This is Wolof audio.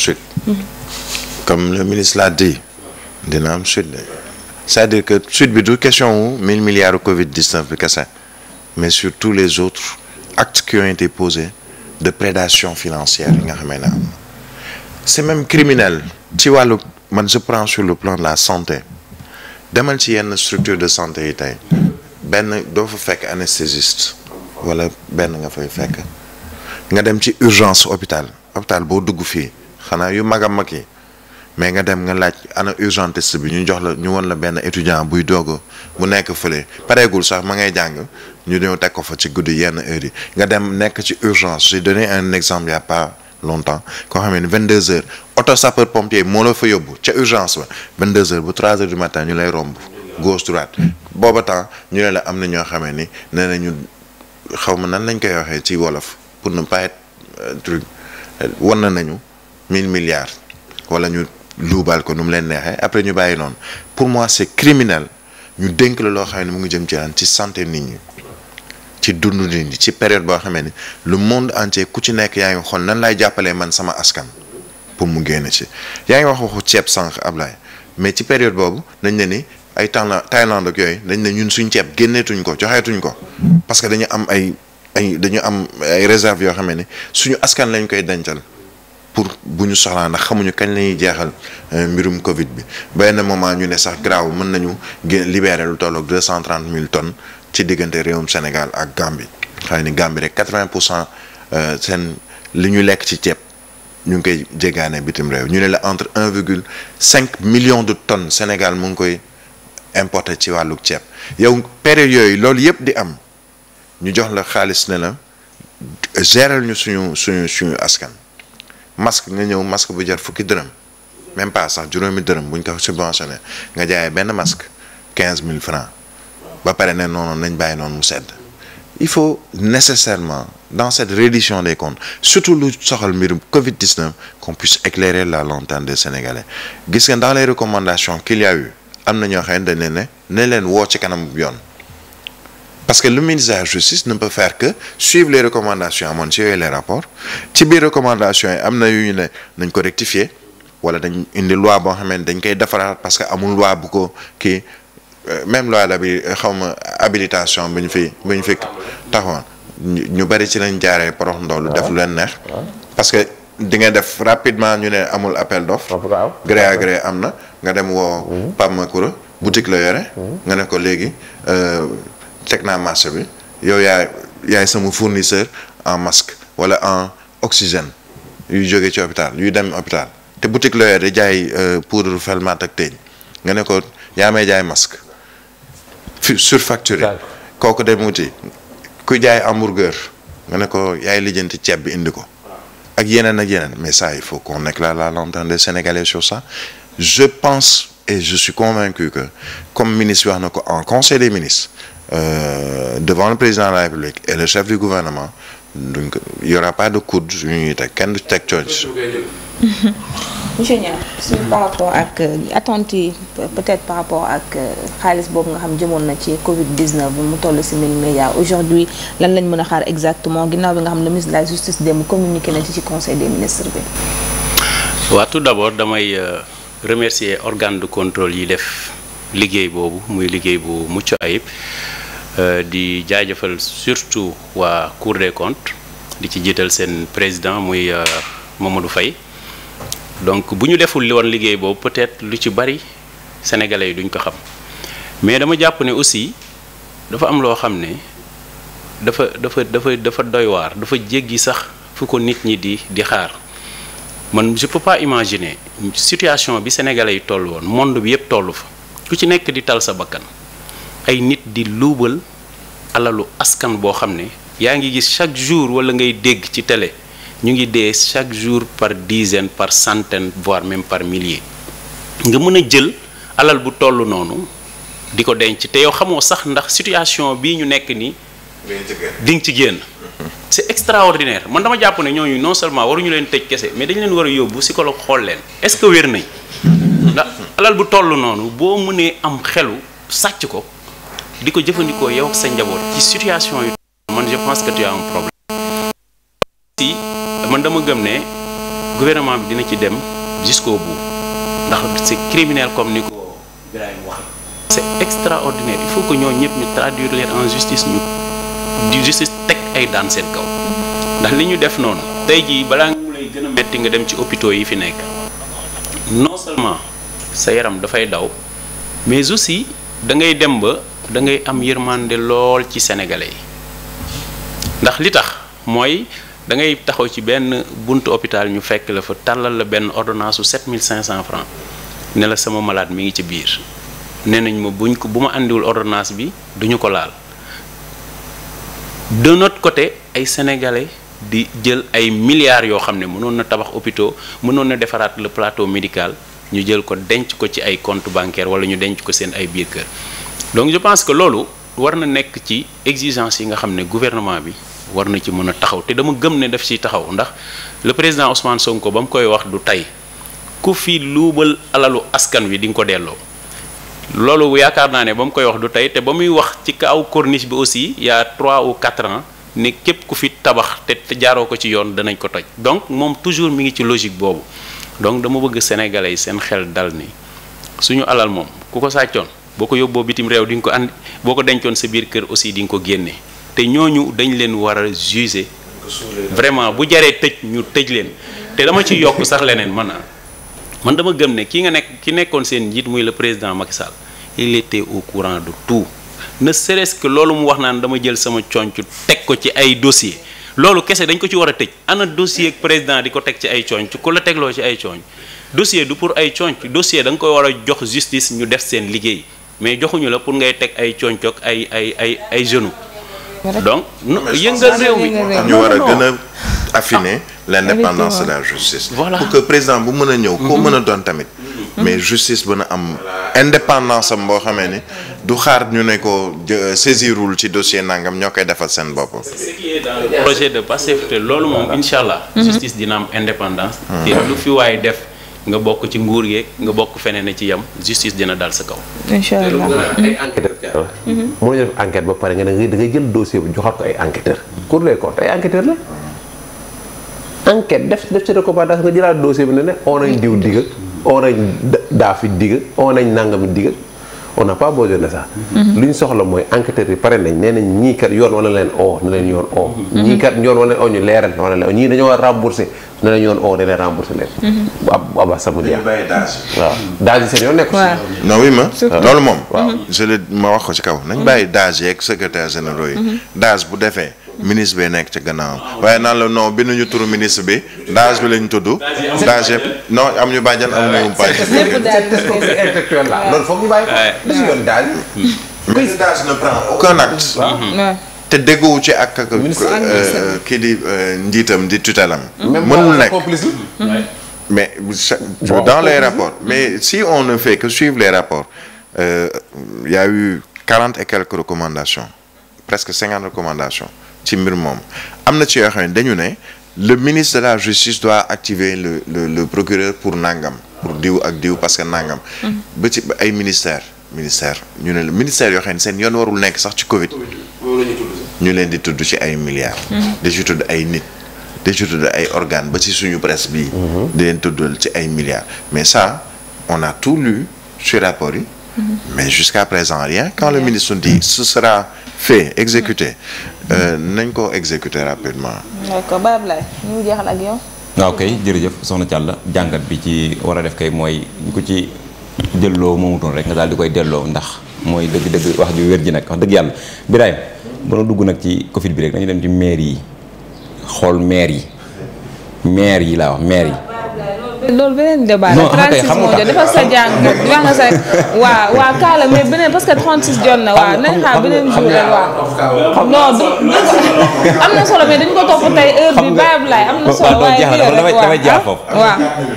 chute. comme le ministre l'a dit dina am chute c'est-à-dire que chute bi du question mille milliards Covid 19 bi kese mais sur tous les autres actes qui ont été posés de prédation financière nga xam ne am c'est même criminel ci wàllu man je prends sur le plan de la santé demal ci yenn structure de santé yi benn doo fa fekk anesthésiste wala benn nga fay fekk nga dem ci urgence hôpital hôpital boo dugg fii xanaa yu mag a mag yi mais nga dem nga laaj ana urgentiste bi ñu jox la ñu won la benn étudiant buy doog bu nekk fële pareegul sax ma ngay jàng ñu ñëw teg ko fa ci guddi yenn heures yi nga dem nekk ci urgence j'ai donné un exemple y a pas longtemps koo xam ne vingt deux heures auto sapeur pompier moo la fa yóbbu ca urgence ba vingt deux heures bu trois heures du matin ñu lay romb gauche droite booba temps ñu ne la am na ñoo xamee ni nee ñu xaw ma nan lañ koy waxee ci wolof pour ne pas être euh, truc euh, wan nañu mille milliards wala ñu luubal ko nu mu leen neexee après ñu bàyyi noonu pour moi c'est criminel ñu dénk la loo xam ne mu ngi jëm ci lan ci santé nit ñi ci dundu nit ñi ci période boo xamee ni le monde ku ci nekk yaa ngi xool nan laay jàppalee man sama askan pour mu génn ci yaa ngi ceeb sànq Ablaye mais ci période boobu nañ ne ni ay Thaïlande Thaïlande ak yooyu dañ ne ñun suñ ceeb génneetuñ ko joxeetuñ ko parce que dañu am ay ay dañu am ay réserve yoo xamee ni suñu askan lañ koy dencal pour bu ñu soxlaa ndax xamuñu kañ lañuy jeexal euh, mbirum Covid bi na moment ñu ne sax garaaw mën nañu libérer lu toll ak deux cent trente mille tonnes ci diggante réewum Sénégal ak gambi xëy ni Gambie rek quatre vingt pour cent euh, seen li ñu lekk ci ceeb ñu ngi koy jéggaane bitim réew ñu ne la entre un cinq millions de tonnes Sénégal mu ngi koy importer ci wàllu ceeb yow période yooyu loolu yëpp di am ñu jox la xaalis ne la gérer ñu suñu suñu suñu askan. masque nga ñëw masque bu jar fukki dërëm même pas sax juróomi dërëm buñ ko subventionné nga jaayee benn masque quinze mille francs ba pare ne noonu nañ bàyyi noonu mu sedd il faut nécessairement dans cette reddition des comptes surtout lu soxal mbirum Covid 19 qu'on puisse éclairer la lanterne des Sénégalais gis nga dans les recommandations qu'il yi am na ñoo xam ne dañ leen ne ne leen woo ci kanam yoon. parce que le ministère de la justice ne peut faire que suivre les recommandations amoon ci yooyu les rapports ci biir recommandations yi am na yu ñu ne nañ ko rectifier wala dañ indi loi boo xam ne dañ koy defaraat parce que amul loi bu ko kii euh, même loi la bi euh, xaw ma habilitation bu ñu fi bu ñu fi taxoon ñu bëri ci lañ jaaree porox ndoolu def lu leen neex parce que di nga def rapidement ñu ne amul appel d'offre gré à gré am na nga dem woo mmh. Pape Makoura la yore mmh. nga ne ko léegi euh, teg naa marché bi yow yaay yaay sama fournisseur en masque wala en oxygène yuy jógee ci hôpital yuy dem hôpital te boutique la yore jaay euh, poudre felmate ak teeñ nga ne ko yaa may jaay masque surfacturé kooku dem wuti ku jaay hamburger nga ne ko yaay lijjanti ceeb bi indi ko ak yeneen ak yeneen mais ça il faut qu'on laa la lanterne des Sénégalais sur ça je pense et je suis convaincu que comme ministre wax na ko en conseil des ministres euh, devant le président de la République et le chef du gouvernement duñ ko y pas de coude yu ñuy teg kenn du teg coono si. par rapport ak euh, attentes peut-être par ak euh, xaalis boobu nga xam jëmoon na ci Covid 19 mu toll si mille milliards aujourd'hui lan lañ mën a xaar exactement ginnaaw bi nga xam ne ministre de la justice démb communiqué na ci ci conseil des ministres bi. waaw tout d'abord damay euh, remercier organ de contrôle yi def liggéey boobu muy liggéey bu mucc ayib. Euh, di jaajëfal surtout waa Cour des comptes di ci jiital seen président muy euh, Mamadou Faye donc bu ñu deful li woon liggéey boobu peut-être lu ci bari sénégalais yi duñ ko xam mais dama jàpp ne aussi dafa am loo xam ne dafa dafa dafa dafa doy dafa jéggi sax fu ko nit ñi di di xaar man je peux pas imaginer situation bi sénégalais yi toll woon monde bi yëpp toll fa ku ci nekk di tal sa bakkan ay nit di luubal alalu askan boo xam ne yaa ngi gis chaque jour wala ngay dégg ci télé ñu ngi dee chaque jour par dizaine par centaine voire même par milliers nga mën a jël alal bu toll noonu di ko denc te yow xamoo sax ndax situation bii ñu nekk nii. di nga ci génn. c'est extraordinaire man dama jàpp ne ñooñu non seulement waruñu leen tëj kese mais dañu leen war a yóbbu psychologue xool leen est-ce que wér nañ. ndax alal bu toll noonu boo mënee am xelu sàcc ko. di ko jëfandikoo yow sa njaboot ci situation yu man je pense que tu as un man dama gëm ne gouvernement bi dina ci dem jusqu'au bout ndax si criminel comme ni ko Birahim wax c'est extraordinaire il faut que ñoo ñëpp ñu traduire leen en justice ñu di justice teg ay daan seen kaw ndax li ñu def noonu tey jii balaa mu lay gën a metti nga dem ci hôpitaux yi fi nekk non seulement sa yaram dafay daw mais aussi da ngay dem ba dangay ngay am yërmande lool ci sénégalais yi ndax li tax mooy da ngay taxaw ci benn buntu hôpital ñu fekk la fa tàllal la benn ordonnance su cent francs ne la sama malaat mi ngi ci biir nee nañ ma buñ ko bu ma indiwul ordonnance bi duñu ko laal de notre côté ay sénégalais di jël ay milliards yoo xam ne mënoon na tabax hôpitaux mënoon na defaraat le plateau médical ñu jël ko denc ko ci ay compte bancaire wala ñu denc ko seen ay biir kër donc je pense que loolu war na nekk ci exigence yi nga xam ne gouvernement bi war na ci mën a taxaw te dama gëm ne def ci taxaw ndax le président Ousmane ko ba mu koy wax du tey ku fi luubal alalu askan wi di nga ko delloo loolu yaakaar naa ne ba mu koy wax du tey te ba muy wax ci aw corniche bi aussi il y a trois ou quatre ans ne képp ku fi tabax te jaaroo ko ci yoon danañ ko toj donc moom toujours mi ngi ci logique boobu donc dama bëgg sénégalais yi seen xel dal ni suñu alal moom ku ko sàccoon boo ko yóbboo bitim réew di nga ko andi boo ko dencoon sa biir kër aussi di nga ko génne te ñoo ñu dañ leen war a juger vraiment bu jaree tëj ñu tëj leen te dama ci yokk sax leneen man ah man dama gëm ne ki nga nekk ki nekkoon seen njiit muy la président Macky Sall il était au courant du tout ne serait-ce loolu mu wax naan dama jël sama conc teg ko ci ay dossier loolu kese dañ ko ci war a tëj ana dossier ak président di ko teg ci ay conc ku la tegloo ci ay conc dossier du pour ay conc dossier danga nga koy war a jox justice ñu def seen liggéey mais joxuñu la pour ngay teg ay conc ak ay ay ay ay genoux donc yëngal réew mi ñu war a gën a affiner ah, l'indépendance de la justice voilà pour que président bu mën a ñëw koo mhm. mën a doon tamit mais justice ba na am indépendance am boo xamee ni du xaar ñu ne ko euh, saisirul ci dossier nangam ñoo koy defal seen bopp. projet de Pastef te loolu moom incha allah. Mhm. justice dina am indépendance. Mhm. te lu fi waaye def nga bokk ci nguur yeeg nga bokk feneen a ci yam justice dina dal sa kaw. incha allah ay enquêteurs. moo mhm. def enquête ba pare nga ne da ngay jël dossier bu joxaat ko ay enquêteurs. Cour des ay enquêteurs la. enquête def def ci recommandation nga jëlaat dossier bi ne ne on a diw digg. o nañ daafi digga o nañ nangami digga on n'a pas besoin de ça. Mm-hmm. lu ñu soxla mooy enquêteurs yi pare nañ nee nañ ñii kat yoon wala leen o na leen yoon oo. Mm-hmm. ñii kat yoon wala leen oo ñu leeral wala leen ñii dañoo war a remboursé na leen yoon oo dañ leen bu mm-hmm. ab bu ab asamu jeex. waaw daaj yi seen yoon nekkul. waaw non oui ma. loolu moom. waaw je ma wax ko ci kaw. nañ bàyyi daaj yeeg secrétaire généraux yi. daaj bu defee. ministre bi nekk ci gannaaw waaye naan la non bi ñu turu ministre bi daaj bi lañ tudd. daaj yëpp non am ñu bàjjan am ñu bàjjan. loolu foog ñu bàyyi ko. li hmm. hmm. hmm. te dégguwu ci ak. Euh, euh, kii di euh, njiitam di tutelam. mënul nekk mais dans les rapports mais si on ne fait que suivre les rapports il y a eu quarante et quelques presque cinquante recommandations. ci mbir moom am na ci yoo xam ne dañu ne le ministre de la justice doit activer le le le procureur pour nangam pour diw ak diw parce que nangam. Mm-hmm. ba ci ay ministère ministère ñu ne lu ministère yoo xam ne seen yoon warul nekk sax ci Covid. ñu leen di tudd ci ay milliards. Mm-hmm. di ci tudd ay nit. di ci tudd ay organes ba ci suñu presse bii. Mm-hmm. di leen tuddal ci ay milliards mais ça on a tout lu su rapport yi. Mm-hmm. mais jusqu'à présent rien quand le ministre nous dit mm-hmm. ce sera fait exécuté euh, nañ ko exécuter rapidement d'accord ak waaw kay jërëjëf soxna Thialla jàngat bi ci war a def kay mooy ñu ko ci jëlloo moomutoon rek nga daal di koy delloo ndax mooy dëgg-dëgg wax ju wér ji nag wax dëgg yàlla Birahim bu nu dugg nag ci Covid bi rek dañu dem ci maire yi xool maire yi maire yi laa wax maire yi loolu beneen débat la 36 moo jot dafa sa jàng wax nga sa waaw waaw kaala mais beneen parce que 36 na waaw nañ xaar beneen jour la waaw non du am na solo mais dañ ko topp tey heure bi am na solo waaye damay damay jaar foofu waaw